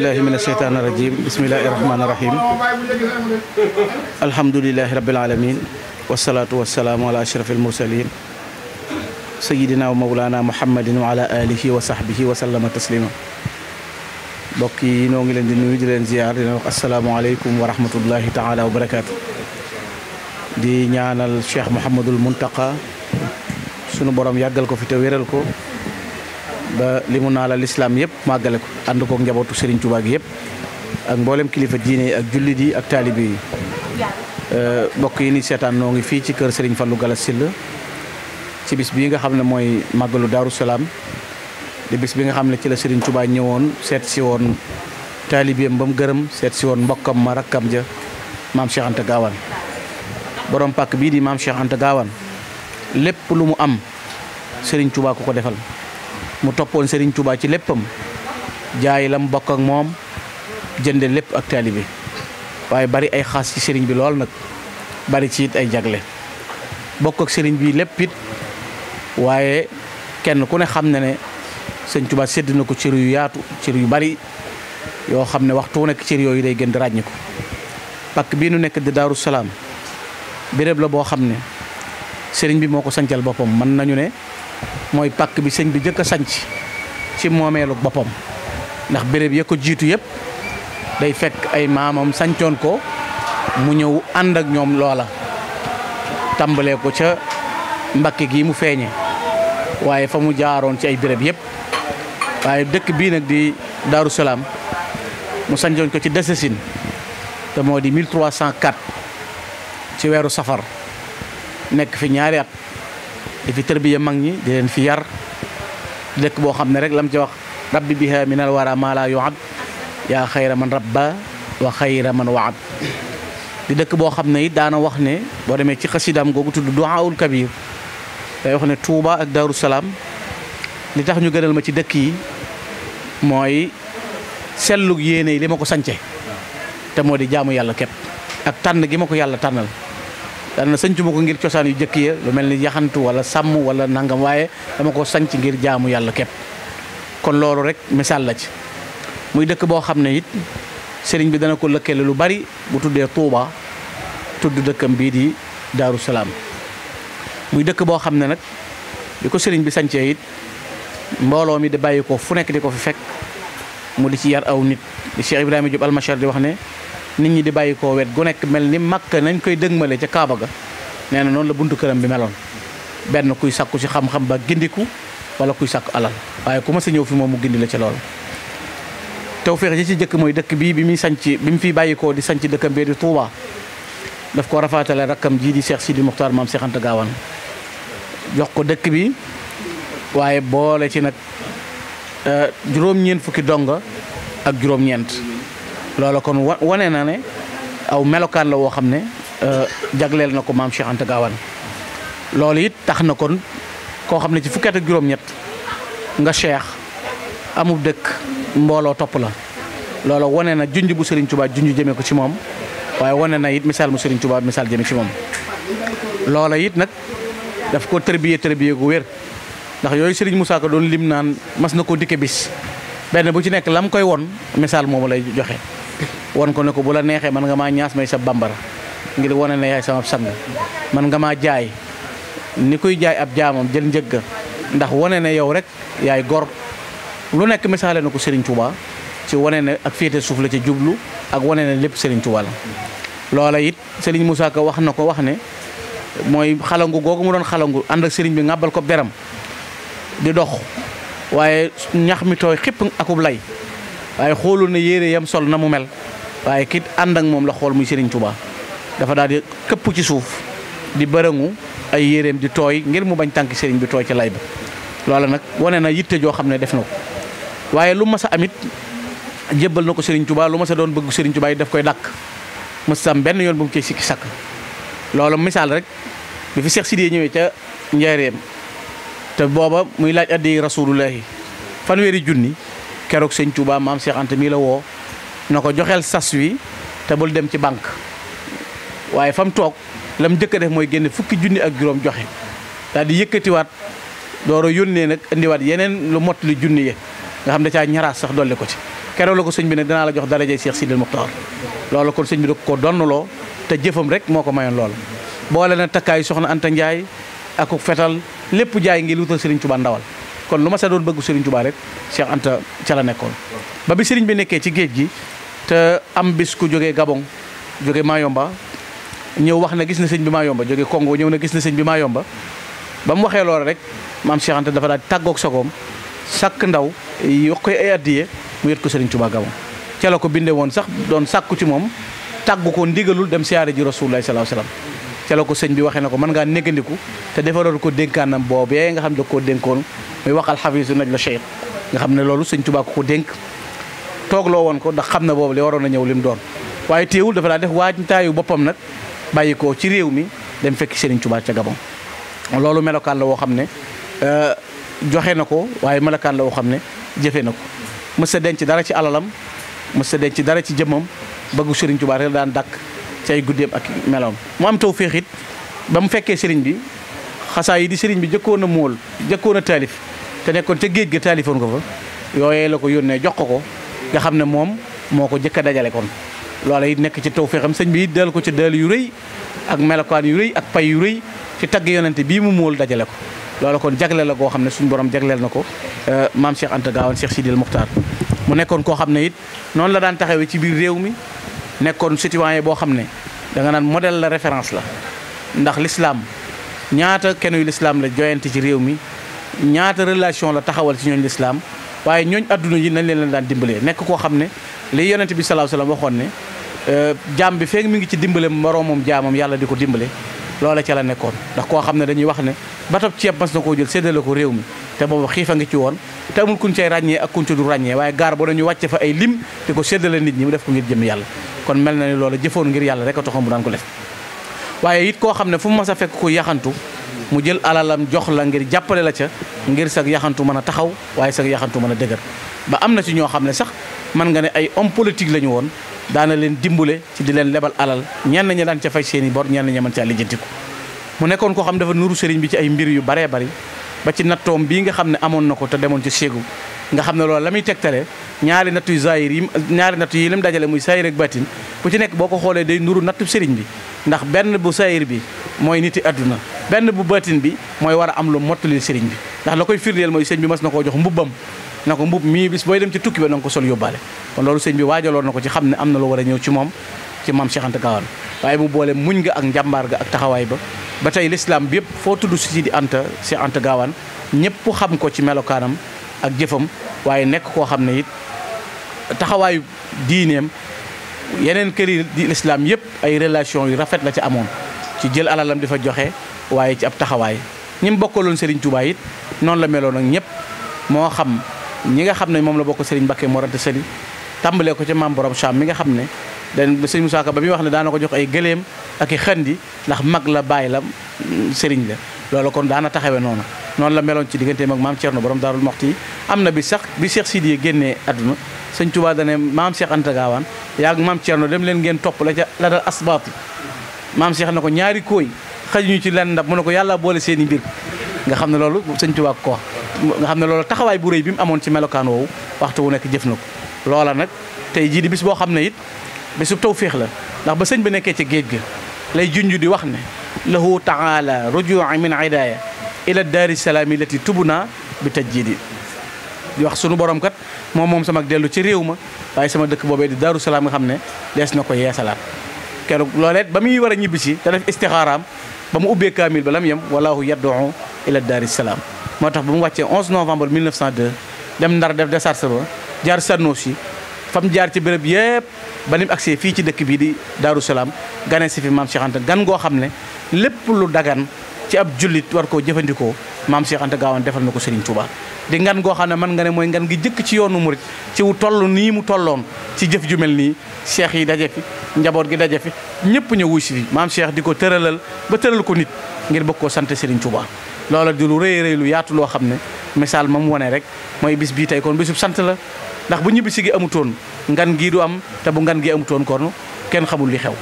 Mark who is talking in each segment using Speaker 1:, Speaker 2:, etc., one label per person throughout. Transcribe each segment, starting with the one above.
Speaker 1: billahi min asheytaan irajim bismillahi irahmani irahim alhamdulilahi rabil alamin wasalaatu wasalaamu ala ashraf almursalin sayidina wa mawlana muhammadin wa ala alihi wa sahbihi wa sallama taslima mbokk yi noo ngi leen di nuyu di leen ziar dina wax asalaamualeykum wa rahmatullahi taala wa barakaatu di ñaanal cheikh mouhamadul muntaqa sunu borom yàggal ko fi te wéral ko ba li mu naa la lislaam yëpp màggale ko ànd kook njabootu Serigne Touba gi yëpp ak mbooleem kilifa diine yi ak jullit yi ak taalibe yi euh, mbokk yi ni seetaan noo ngi fii ci kër Serigne Fallou gala Syll ci bis bii nga xam ne mooy màggalu Daaru Salaam di bis bi nga xam ne ci la Serigne Touba ñëwoon seet si woon taalibeem ba mu gërëm seet si woon mbokkam ma rakkam ja maam Cheikh Anta Gaawaan borom pàkk bii di maam Cheikh Gaawaan lépp lu mu am Serigne Touba ku ko defal mu toppoon sëriñ Touba ci léppam jaay lam bokk ak moom jënde lépp ak taalibe waaye bari ay xas ci sëriñ bi lool nag bari ci it ay jagle bokk sëriñ bii bi lépp it waaye kenn ku ne xam ne ne Sëñ Touba sédd na ko cër yu yaatu cër yu bari yoo xam ne waxtu nekk cër yooyu day gën di ràññiku pàkk bii nu nekk di Daaru Salaam béréb la boo xam ne sëriñ bi moo ko sancal boppam mën nañu ne. mooy pàkk bi sëñ bi jëkk a sanc ci moomeelu boppam ndax béréb ya ko jiitu yëpp day fekk ay maamam sancoon ko mu ñëw ànd ak ñoom loola tàmbalee ko ca Mbàkke gi mu feeñe waaye fa mu jaaroon ci ay béréb yëpp waaye dëkk bii nag di Daaru Salaam mu sancoon ko ci desesin te moo di 1304 ci weeru safar nekk fi ñaari at di fi tërbiya mag ñi di leen fi yar dëkk boo xam ne rek lam ci wax rabbi biha min al wara maa laa yaa xayra man rabba wa xayra man waab di dëkk boo xam ne it daana wax ne boo demee ci xasidaam googu tudd duaawul kabir day wax ne Touba ak Daaru Salaam li tax ñu gënal ma ci dëkk yi mooy sellug yéene yi li ma ko sance te moo di jaamu yàlla képp ak tànn gi ma ko yàlla tànnal dana sëncu ma ko ngir cosaan yu jëkk ya lu mel ni yaxantu wala sàmm wala nangam waaye dama ko sanc ngir jaamu yàlla képp kon loolu rek misaal la ci muy dëkk boo xam ne it sëriñ bi dana ko lëkkale lu bari bu tuddee Touba tudd dëkkam bii di Daaru Salaam muy dëkk boo xam ne nag li ko sëriñ bi sañcee it mbooloo mi di bàyyi ko fu nekk di ko fi fekk mu di ci yar aw nit di Cheikh Ibrahima Diop almachar di wax ne nit ñi di bàyyi koo wet gu nekk mel ni Makka nañ koy dëgmale ca Kaaba ga nee na noonu la buntu këram bi meloon benn kuy sakku ci xam-xam ba gindiku wala kuy sakku alal waaye ku ma sa ñëw fi moom mu gindi la ci te tawféex ji ci jëkk mooy dëkk bii bi muy sanc bi mu fiy bàyyikoo di sanc dëkkam bee di Touba daf ko rafaatale rakkam jii di seex Cheikh Sidi Mokhtar maam Cheikh Anta Gaawaan jox ko dëkk bi waaye boole ci nag eh, juróom-ñeent fukki donga ak juróom loola kon wa wane na ne aw melokaan la woo xam ne euh, jagleel na ko maam Cheikh Anta Gaawaan loolu it tax na kon koo xam ne ci fukki at juróom-ñett nga cheikh amub dëkk mbooloo topp la loola wane na junj bu sëriñ Touba junj jëmee ko ci moom waaye wane na it misaal mu sëriñ Touba misaal jëmee ci moom loola it nag daf ko tërbiye tërbiye gu wér ndax yooyu sëriñ Moussa ko doon lim naan mas na ko dikke bis benn bu ci nekk lam koy won misaal moomu lay joxe. wan ko ne ko bu la neexee man nga maa ñaas may sa bambara ngir wane ne yaay sama sang man nga maa jaay ni kuy jaay ab jaamam jël njëgga ndax wane ne yow rek yaay gor lu nekk misaale na ko Serigne Touba ci wane ne ak féete suuf la ci jublu ak wane ne lépp Serigne Touba la loola it sëriñ Moussa Ka wax na ko wax ne mooy xalangu googu mu doon xalangu ànd ak sëriñ bi ngàbbal ko beram di dox waaye ñax mi tooy xipp akub lay ay xoolul na yére yam sol na mu mel waaye kit ànd ak moom la xool muy Serigne Touba dafa daal di këpp ci suuf di bërëngu ay yéreem di tooy ngir mu bañ tànk Serigne bi tooy ca lay ba loolu nag wane na yitte joo xam ne def na ko waaye lu mas a amit jébbal na ko Serigne Touba lu mas a doon bëggu Serigne Touba yi daf koy dàkk mas benn yoon bu mu cee sikki sakk loolu misaal rek bi fi si Sidiye ñëwee ca njaareem te booba muy laaj addi rasulullahi fanweeri junni keroog sëñ Touba maam Cheikh Anta mii la woo na ko joxeel sas wi te bul dem ci banque waaye fa mu toog la mu njëkk def mooy génne fukki junni ak juróom joxe daal di yëkkatiwaat door a yónnee nag indiwaat yeneen lu mot li junni ye nga xam da caa ñaraas sax dolli ko ci keroog la ko sëñ bi nag dinaa la jox darajay Cheikh Sidil Mokhtar loolu kon sëñ bi da ko donnaloo te jëfam rek moo ko mayoon loolu boole na takkaayu soxna Anta Ndiaye ak fetal lépp jaay ngi wutal Sëriñ Tuubaa ndawal kon lu ma sa doon bëggu Serigne Touba rek Cheikh Anta ca la nekkoon. ba bi sëriñ bi nekkee ci géej gi te am bis ku jógee Gabon jóge yomba ñëw wax na gis na sëñ bi Mayomba jóge Congo ñëw na gis na sëñ bi Mayomba ba mu waxee loola rek maam Cheikh Anta dafa daal tàggook sagoom sàkk ndaw yokk koy ay addiye mu yët ko Serigne Touba Gabon ca la ko bindee woon sax doon sàkku ci moom tàggu ko ndigalul dem siyaare ji Rasulullah sallallahu alayhi wasallam ca ko sëñ bi waxee na ko mën ngaa néggandiku te defaloon ko dénkaanam boobee nga xam da koo dénkoon muy waxal xafiisu naj la cheikh nga xam ne loolu sëñ Tuubaa ko ko dénk loo woon ko ndax xam na boobu li waroon a ñëw lim doon waaye teewul dafa daa def waajtaayu boppam nag bàyyi ko ci réew mi dam fekk Sëriñ Tuubaa ca Gabon loolu melokaan la woo xam ne euh, joxe na ko waaye melokaan la woo xam ne jëfe na ko mës a ci dara ci alalam mës a ci dara ci jëmmam bëggu Sëriñ Tuubaa rek daan dakk ci ay guddeem ak melawam mu am taw féexit ba mu fekkee sëriñ bi xasaa yi di sëriñ bi jëkkoon a mool jëkkoon a taalif te nekkoon ca géej ga taalifoon ko fa yooyee la ko yónnee jox ko ko nga xam ne moom moo ko jëkk a dajale kon loola it nekk ci taw féexam sëñ bi it dal ko ci dal yu rëy ak melokaan yu rëy ak pay yu rëy ci tagg yonente bii mu mool dajale ko loola kon jagleel la koo xam ne suñu borom jagleel na ko eh, maam Cheikh Anta Gaawaan Cheikh Sidil Muxtaar mu nekkoon koo xam ne it noonu la daan taxawee ci biir réew mi nekkoon citoyen boo xam ne da nga naan modèle la référence la ndax lislaam ñaata kenuy lislaam la joyante ci réew mi ñaata relation la taxawal ci ñooñ lislaam waaye ñooñ adduna yi nañ leen daan dimbalee nekk koo xam ne li yonent bi sallallahu alayhi wasallam waxoon ne euh, jaam bi feek mi ngi ci dimbale moroomam jaamam yàlla di ko dimbale loola ca la nekkoon ndax koo xam ne dañuy wax ne ba topp ceeb mas na koo jël séddale ko réew mi te boobu a ngi ci woon te amul kuñ cay ràññee ak kuñ ràññee waaye gaar boo dañu wàcce fa ay lim te ko séddale nit ñi mu def ko ngir jëm yàlla kon mel na ni loola jëfoon ngir yàlla rek a taxoon mu daan ko def waaye it koo xam ne fu mu mas a fekk ko yaxantu mu jël alalam jox la ngir jàppale la ca ngir sag yaxantu mën a taxaw waaye sag yaxantu mën a dëgër ba am na si ñoo xam ne sax mën nga ne ay om politique la ñu woon daana leen dimbale ci di leen lebal alal ñenn ñi daan ca fay seen i bor ñenn ñi mën caa lijjantiku mu nekkoon koo xam dafa nuru sëriñ bi ci ay mbir yu baree bari ba ci nattoom bii nga xam ne amoon na ko te demoon ci séegu nga xam ne loolu la muy tegtale ñaari nattu zahir yi ñaari nattu yi lim dajale muy zahir ak batin bu ci nekk boo ko xoolee day nuru nattu sëriñ bi ndax benn bu zahir bi mooy niti adduna benn bu batin bi mooy war a am lu mottali sëriñ bi ndax la koy firndeel mooy sëñ bi mas na koo jox mbubbam na ko mbub mii bis booy dem ci tukki ba na ko sol yóbbaale kon loolu sëñ bi waajaloon na ko ci xam ne am na lu a ñëw ci moom ci maam Cheikh Anta Gawane waaye mu boole muñ nga ak njàmbaar ga ak taxawaay ba ba tey lislaam bi yëpp foo tudd Sidi Anta Cheikh Anta Gawane ñëpp xam ko ci melokaanam ak jëfam waaye nekk koo xam ne it taxawaayu diineem yeneen kër yi di lislaam yëpp ay relation yu rafet la ci amoon ci jël alalam di fa joxe waaye ci ab taxawaay ñi mu bokkaloon Serigne Touba it noonu la meloon ak ñëpp moo xam ñi nga xam ne moom la bokk Serigne mbakkee Mor Anta Sali tàmbalee ca maam borom Cham mi nga xam ne dan sëñ Moussa Ka ba muy wax ne daana ko jox ay gëléem ak i xandi ndax mag la bàyyi la sëriñ la loolu kon daana taxawe noona noonu la meloon ci digganteem ak maam Thierno borom Daarul Moxti am na bi sax bi Cheikh Sidiye génnee àdduna sëñ Touba dane maam Cheikh Anta Gaawaan yaa maam Thierno dem leen ngeen topp la ca la dal asbaati maam Cheikh na ko ñaari kooy xajuñu ci lenn ndab mu ne ko yàlla boole seen i mbir nga xam ne loolu sëñ Touba ko wax nga xam ne loolu taxawaay bu rëy bi mu amoon ci melokaan woowu waxtu wu nekk jëf na ko loola nag tey jii di boo xam ne it bésub tawféex la ndax ba sëñ bi nekkee ca géej ga lay junj di wax ne lahu taala rujui min idaaya ila daari salaami lati tubuna bi tajjidi di wax sunu borom kat moom moom sama dellu ci réew ma waaye sama dëkk boobee di daaru salaam nga xam ne dees na ko yeesalaat keroog loolee ba muy war a ñibbisi da def istixaaraam ba mu ubbee kaamil ba lam yem walaahu yad'u ila daari salaam moo tax ba mu wàccee 11 novembre 1902 dem ndar def desarse sa jaar Sanosi fam jaar ci béréb yëpp ba ni fii ci dëkk bii di Daaru Salaam gane si fi maam Cheikh gan goo xam ne lépp lu dagan ci ab jullit war koo jëfandikoo maam Cheikh Anta Gaawaan defal na ko Serigne Touba. di ngan goo xam ne mën nga mooy ngan gi jëkk ci yoonu murit ci wu toll nii mu tolloon ci jëf ju mel nii cheikh yi daje fi njaboot gi daje fi ñëpp ñëw wuy si maam Cheikh di ko tëralal ba tëral ko nit ngir bëgg koo sant Serigne Touba. loola di lu rëy rëy lu yaatu loo xam ne misaal ma mu wane rek mooy bis bii tey kon bisub sant la ndax bu ñibbisi gi amutoon ngan gii du am te bu ngan gi amutoon kon kenn xamul li xew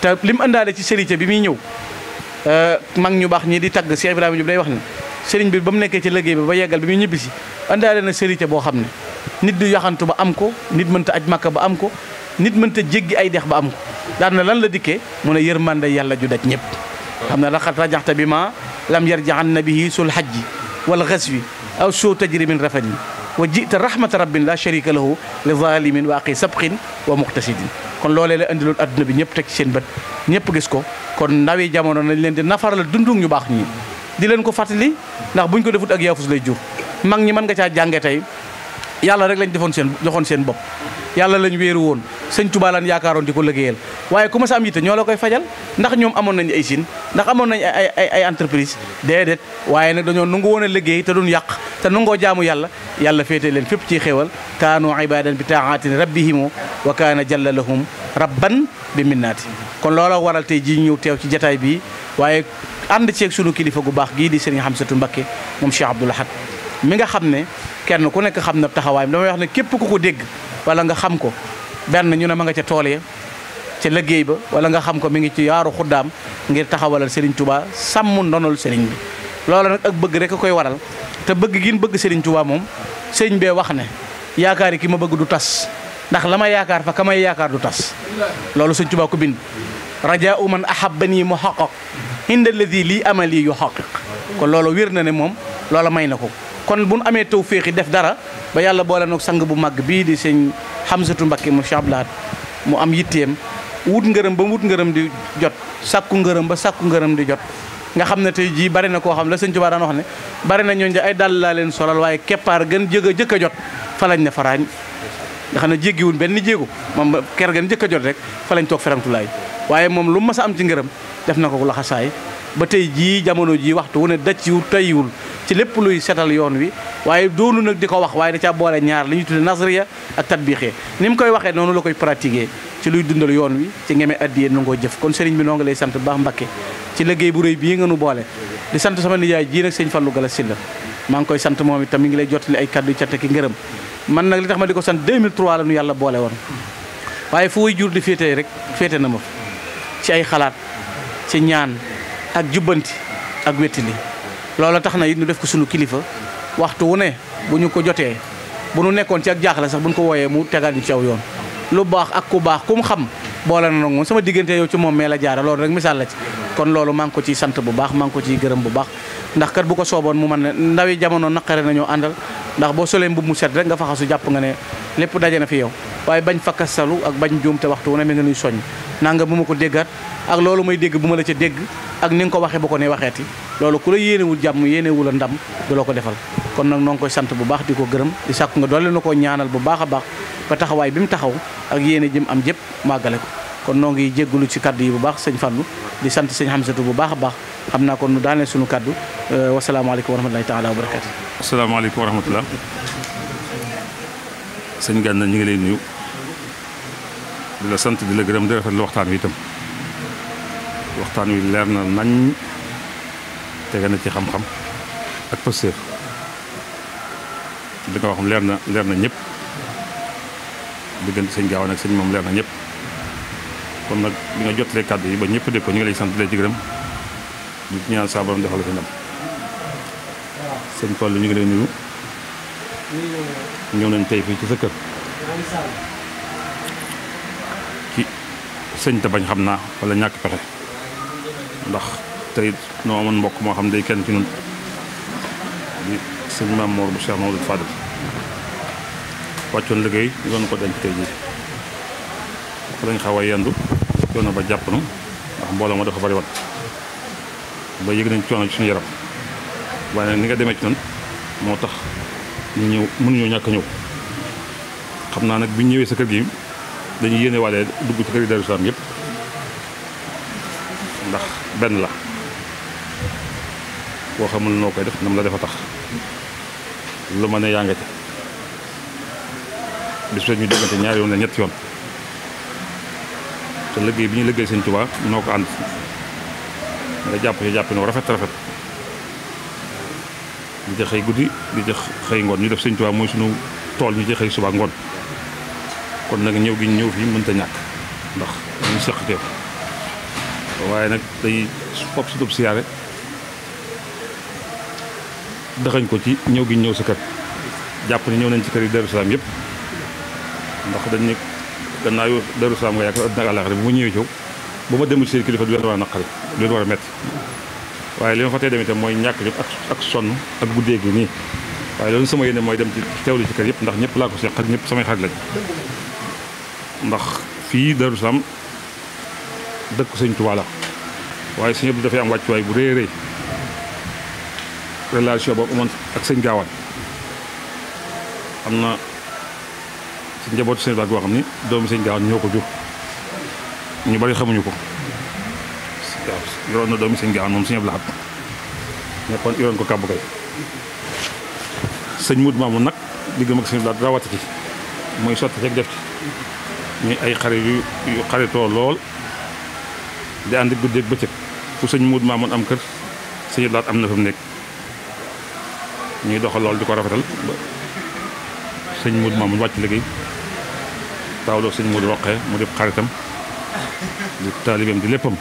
Speaker 1: te lim àndaale ci sérité bi muy ñëw euh, mag ñu baax ñii di tagg Cheikh Ibrahima Diop day wax ne sëriñ bi ba mu nekkee ci liggéey bi ba yeggal bi muy ñibbisi àndaale na sérité boo xam ne nit du yaxantu ba am ko nit mënta aj makka ba am ko nit mënta jéggi ay dex ba am ko daan na lan la dikkee mu ne yërmande yàlla ju daj ñëpp xam ne laqad rajaxta bi ma lam yarjaxan nabihi sul hajji xes xaswi aw soo tajri min rafet yi wa jita rahmata rabbin la sharika lahu li zalimin waaqi sabqin wa muqtasidin kon loolee la indiloon adduna bi ñëpp teg ci seen bët ñëpp gis ko kon ndawi jamono nañ leen di nafar la dundug ñu baax ñii di leen ko fàttali ndax buñ ko defut ak yaafus lay jur mag ñi mën nga caa jànge tey yàlla rek lañ defoon seen joxoon seen bopp yàlla lañ wéeru woon sëñ Tuubaa yaakaaroon di ko liggéeyal waaye ku ma sa am yitte ñoo la koy fajal ndax ñoom amoon nañu ay sin ndax amoon nañ ay ay ay entreprise déedéet waaye nag dañoo nangu woon a liggéey te duñ yàq te nangoo jaamu yàlla yàlla féete leen fépp ci xéewal kaanu ibadan bi taatin rabbihimu wa kaana jalla lahum rabban bi minnaati kon loola waral tey ji ñëw teew ci jataay bi waaye ànd ceeg sunu kilifa gu baax gii di sëriñ Xamsatu Mbakke moom Cheikh Abdoul Ahad mi nga xam ne kenn ku nekk xam na taxawaayam damay wax ne képp ku ko dégg wala nga xam ko benn ñu ne ma nga ca tool ya ca liggéey ba wala nga xam ko mi ngi ci yaaru xuddaam ngir taxawalal Serigne Touba sàmm ndonol Serigne bi. loola nag ak bëgg rek a koy waral te bëgg gin bëgg Serigne Touba moom sëñ bee wax ne yaakaar ki ma bëgg du tas ndax la ma yaakaar fa ka may yaakaar du tas loolu Sëñ Touba ko bind. rajaa u man ahabbani mu xaqaq inda alladi lii amali yu xaqiq wér na ne moom loola may na ko. kon bu nu amee tawféex yi def dara ba yàlla boole nag sang bu mag bii di sëñ Xamsatu Mbakke mu Cheikh Abdoul mu am yitteem wut ngërëm ba wut ngërëm di jot sàkku ngërëm ba sàkku ngërëm di jot. nga xam ne tey jii bari na koo xam la sëñ Tuubaa daan wax ne bari na ñooñu ay dàll laa leen solal waaye keppaar gën jëkk a jëkk a jot fa lañ ne faraañ nga xam ne jéggiwul benn jéego moom ker gën jëkk a jot rek fa lañ toog ferantulaay waaye moom lu mas a am ci ngërëm def na ko laxasaay ba tey jii jamono jii waxtu wu ne daj yu tayyiwul ci lépp luy setal yoon wi waaye doonu nag di ko wax waaye da caa boole ñaar li ñu tudde nasriya ak tatbiqe ni mu koy waxee noonu la koy pratiquer ci luy dundal yoon wi ci ngeme addiyee nangoo jëf kon sëriñ bi noo ngi lay sant baax Mbakke ci liggéey bu réy bii nga nu boole di sant sama nijaay jii nag sëñ Fallou Gala Sylla maa ngi koy sant moom itam mi ngi lay jottali ay kàddu cant ki ngërëm man nag li tax ma di ko sant 2003 la nu yàlla boole woon waaye fu jur di féete rek féete na ma ci ay xalaat ci ñaan ak jubbanti ak wéttali loola tax na yi ñu def ko sunu kilifa waxtu wu ne bu ñu ko jotee bu nu nekkoon ci ak jaaxle sax bu ñu ko wooyee mu tegaat ñu ci aw yoon lu baax ak ku baax ku mu xam boole na moom sama diggante yow ci moom mee la jaara loolu rek misaal la ci kon loolu maa ngi ko ciy sant bu baax maa ngi ko ciy gërëm bu baax ndax kat bu ko sooboon mu mën ne ndawi jamono naqare nañoo àndal ndax boo solee mbubb mu set rek nga faxasu jàpp nga ne lépp daje na fi yow waaye bañ salu ak bañ juum te waxtu wu ne mi ngi nuy soññ nanga bu ma ko déggaat ak loolu mooy dégg bu ma la ca dégg ak ni nga ko waxee ba ko ne waxeeti loolu ku la yéenewul jàmm yéenewul a ndam du la ko defal kon nag noo ngi koy sant bu baax di ko gërëm di sàkku nga dolli na ko ñaanal bu baax a baax ba taxawaay bi mu taxaw ak yéene jëm am jëpp màggale ko kon noo ngi jéggulu ci kaddu yi bu baax sëñ Fallou di sant sëñ Hamsatu bu baax a baax xam naa kon nu daaneel suñu kaddu euh, wasalaamaaleykum wa rahmatulahi taala wa barakatu
Speaker 2: asalaamaaleykum wa rahmatullah sëñ Gana ñu ngi lay nuyu la sant di la gërëm di rafetlu waxtaan wi itam waxtaan wi leer na nañ tege na ci xam-xam ak pasteur li nga wax leer na leer na ñëpp diggante sëñ Gaawane ak sëñ moom leer na ñëpp kon nag bi nga jotalee kàddu yi ba ñëpp dégg ko ñu ngi lay sant di la ci gërëm ñu ci ñaan saa borom ñu ngi lay nuyu ñëw nañ tey fii ci sa kër sëñ ta bañ xam naa walla ñàkk pexe ndax tey noo amoon mbokk moo xam day kenn ci ñun di sëñ maam Mor bu wàccoon liggéey ñu doon ko denc tey jii fa lañ xaw a yendu coono ba jàpp nu ndax mbooloo ma dafa bari wat ba yëg nañ coono ci suñu yaram waaye nag ni nga demee ci noonu moo tax ñu ñëw mënuñoo ñàkk ñëw xam naa nag bi ñëwee sa kër gi dañuy yéene waale dugg ci kër yi Daaru Salaam yëpp ndax benn la koo xamul noo koy def nam la a tax lu ma ne yaa nga ca bis bu ñu déggante ñaari yoon la ñetti yoon te liggéey bi ñu liggéey Sëñ Tuubaa noo ko ànd nga jàpp ci jàpp noo rafet rafet di ca xëy guddi di ca xëy ngoon ñu def Sëñ Tuubaa mooy suñu tool ñu ci xëy suba ngoon kon nag ñëw gi ñëw fii mënta ñàkk ndax ñu sëqatee ko waaye nag dañuy fopp si dub siyaare daxañ ko ci ñëw gi ñëw sa kër jàpp ni ñëw nañ ci kër yi Darou Salaam yëpp ndax dañ ne gannaaw Darou Salaam nga yaakaar àddina ak àllaaxira bu ma ñëwee coow bu ma demul seen kilifa du leen war a naqari du leen war a metti waaye li ma fa tey dem mooy ñàkk jot ak ak sonn ak guddee gi nii waaye loolu sama yéene mooy dem ci teewlu ci kër yëpp ndax ñëpp laa ko seq ak ñëpp samay xarit lañ ndax fii Darou Salaam dëkk sëñ Tuubaa waaye sëñ Abdou dafay am wàccuwaay bu rëy rëy relation boobu amoon ak sëñ Gaawaan am na si njabootu sëñ Ba goo xam ni doomu sëñ Gaawaan ñoo ko jur ñu bari xamuñu ko waaw yoroon na doomu sëñ Gaawaan moom sëñ Abdou Lahad nekkoon yoroon ko kàbb kay sëñ Mudu Maamun nag diggam ak sëñ Abdou Lahad rawati ci mooy def ci ñuy ay xarit yu yu xaritoo lool di ànd guddeeg bëccëg fu sëñ Mood Maamun am kër sëñu laat am na fa mu nekk ñuy doxal lool di ko rafetal ba sëñ Mood Maamun wàcc liggéey taaw loo sëñ Mood Roqee mu def xaritam di taalibeem di léppam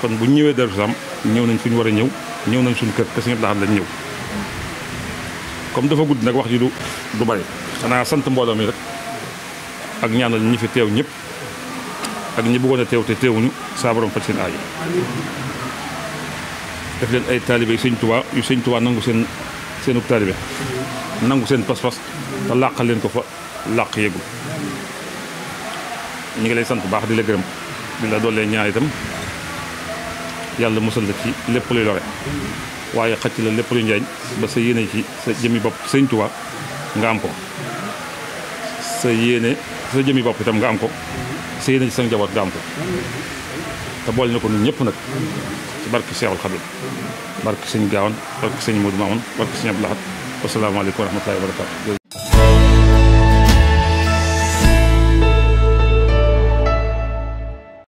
Speaker 2: kon bu ñëwee Daaru Salaam ñëw nañ fu ñu war a ñëw ñëw nañ suñ kër te sëñ laa lañ ñëw comme dafa gudd nag wax ji du du bari xanaa sant mbooloo mi rek ak ñaanal ñi fi teew ñëpp ak ñi bëggoon a teew te teewuñu saa borom faj seen aay def leen ay taalibe yu sëñ Tuubaa yu sëñ Tuubaa nangu seen seenu taalibe nangu seen pas-pas te làqal leen ko fa làq yëgul ñu ngi lay sant baax di la gërëm di la doole ñaan itam yàlla musal la ci lépp luy lore waaye xacc la lépp luy njaañ ba sa yéene ci sa jëmi bopp sëñ Tuubaa nga am ko sa yéene sa jëmi bopp itam nga am ko sëy na ci sa njaboot nga am ko te boole na ko ñun ñëpp nag ci barke Seexul Xadim barke sëñ Gaawaan barke sëñ Moodu Maamun barke sëñ Abdou Lahad wasalaamaaleykum wa rahmatullaahi wa barakaatu